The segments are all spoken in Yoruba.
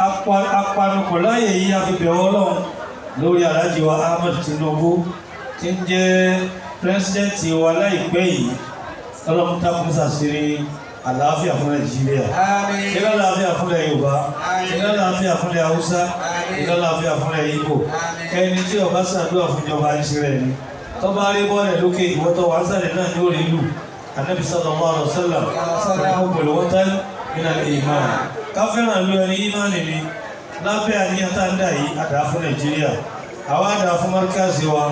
apanukọ̀ láyè yìí a fi bẹ̀wọ̀ ọlọ́run lórí aláàjì wa Ahmed Tinubu tí ń jẹ́ pírẹsidẹ́ǹtì wa láìpẹ́ yìí ọlọ́run tábùkù sàṣírí àlàáfíà fún nàìjíríà ìlà àlàáfíà fún ilẹ̀ yorùbá ìlà àlàáfíà fún ilẹ̀ haúsá ìlà àlàáfíà fún ilẹ̀ yíbò ẹni tí ọba ṣàdúrà fún ìjọba ìṣẹ̀lẹ̀ ni tọba arébọlẹ lókè ìwọtọ wà sàlẹ̀ náà ní orí ìlú anabi sallallahu alaihi wasallam ọmọ pẹ̀lú wọtá nínú ìmáà káfẹ́ràn lu ẹni ìmánì ni lábẹ́ àníyàn tá ń dà yìí àdá fún nàìjíríà àwa àdá fún márkàsì wa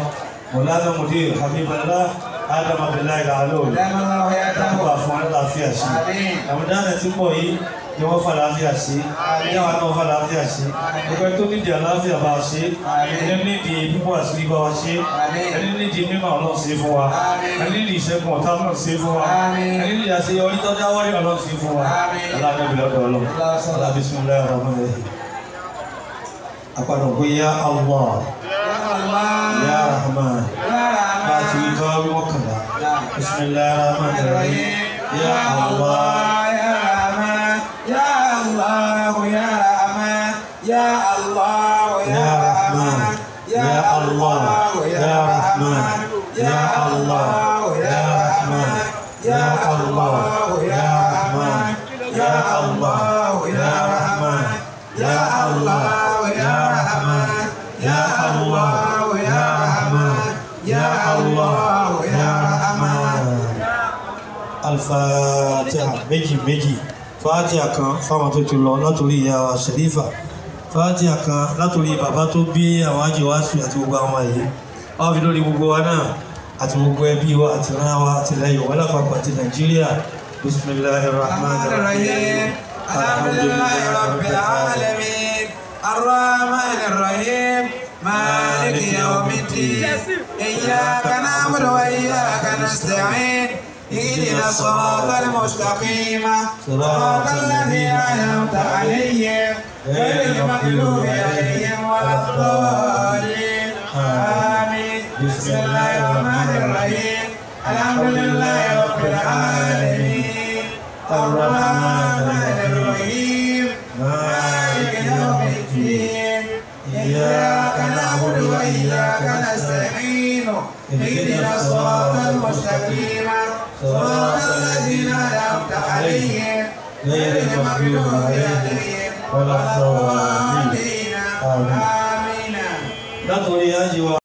mọ̀lánà mùdír Habibullah ádámà bẹ̀lá ìlàlọ́ ìdájọ́ àfọ̀n aláàfíà sí Amin. Amin. Amin. Amin. yìí ni wọ́n fa àlàáfíà sí ní àwọn náà fa àlàáfíà sí ẹgbẹ́ tó nídìí àlàáfíà bá a ṣe ẹni nídìí púpọ̀ àṣírí bá wa ṣe ẹni nídìí mímọ̀ ọlọ́run ṣe fún wa ẹni nídìí ìṣẹ́gun ọ̀tá náà ṣe fún wa ẹni nídìí àṣeyọrí tó dáwọ́rí ọlọ́run ṣe fún wa aláàbẹ̀ lọ́dọ̀ ọlọ́run aláàbẹ̀ sí ọlọ́run ọ̀rọ̀ mọ́ ẹ̀ apàdánù pé yá Allah yá Rahman. بسم الله الرحمن الرحيم يا الله يا رحمن يا الله يا رحمن يا الله يا رحمن يا الله يا رحمن يا الله يا رحمن يا الله يا رحمن يا الله يا رحمن يا الله al-fatiha méjì méjì fatiha kan fáwọn tó ti lọ látòrí ìyá wa Sharifa fatiha kan látòrí bàbá tó bí àwọn àjẹwàsù àti gbogbo àwọn àyè wọn fi lórí gbogbo wa náà àti gbogbo ẹbí wa àti rán wa àti lẹ́yìn wọn lápapọ̀ àti Nàìjíríà bisimilahi rahman rahim alhamdulilayi rabbil alamin arrahman rahim maliki yawmiddin iyyaka na'budu wa iyyaka nasta'in. اهدنا الصراط المستقيم صراط الذين انعمت عليهم غير المغلوب عليهم ولا الضالين امين بسم الله الرحمن الرحيم الحمد لله رب العالمين الرحمن الرحيم مالك يوم الدين اياك نعبد واياك نستعين اهدنا الصراط المستقيم صراط الذين أنعمت عليهم غير المغضوب عليهم ولا الضالين آمين. آمين.